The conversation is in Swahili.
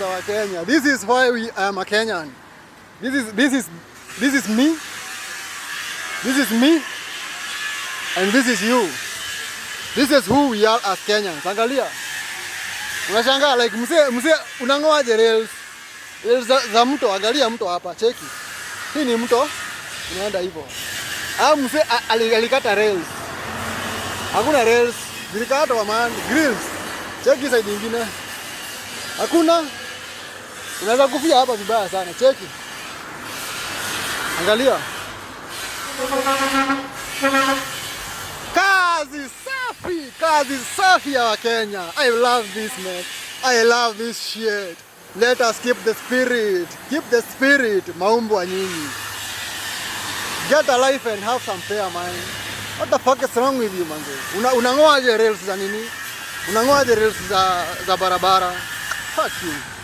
wa Kenya. This is why we am a Kenyan. This is, this is, this is me. This is me. And this is you. This is who we are as Kenyans. Angalia. Unashangaa like mse mse unangoaje rails. Rails za, za mto, angalia mto hapa, cheki. Hii ni mto unaenda hivyo. Ah, mse alikata rails. Hakuna rails. Zilikatwa man, grills. Cheki side nyingine. Hakuna Unaweza kufia hapa vibaya sana. Cheki, angalia kazi safi, kazi safi ya Wakenya. I love this man, I love this shit. Let us keep the spirit, keep the spirit. maumbo ya nyinyi, get a life and have some fair mind. What the fuck is wrong with you manze? Una, je rails za nini? Unang'oa je rails za, za barabara? Fuck you.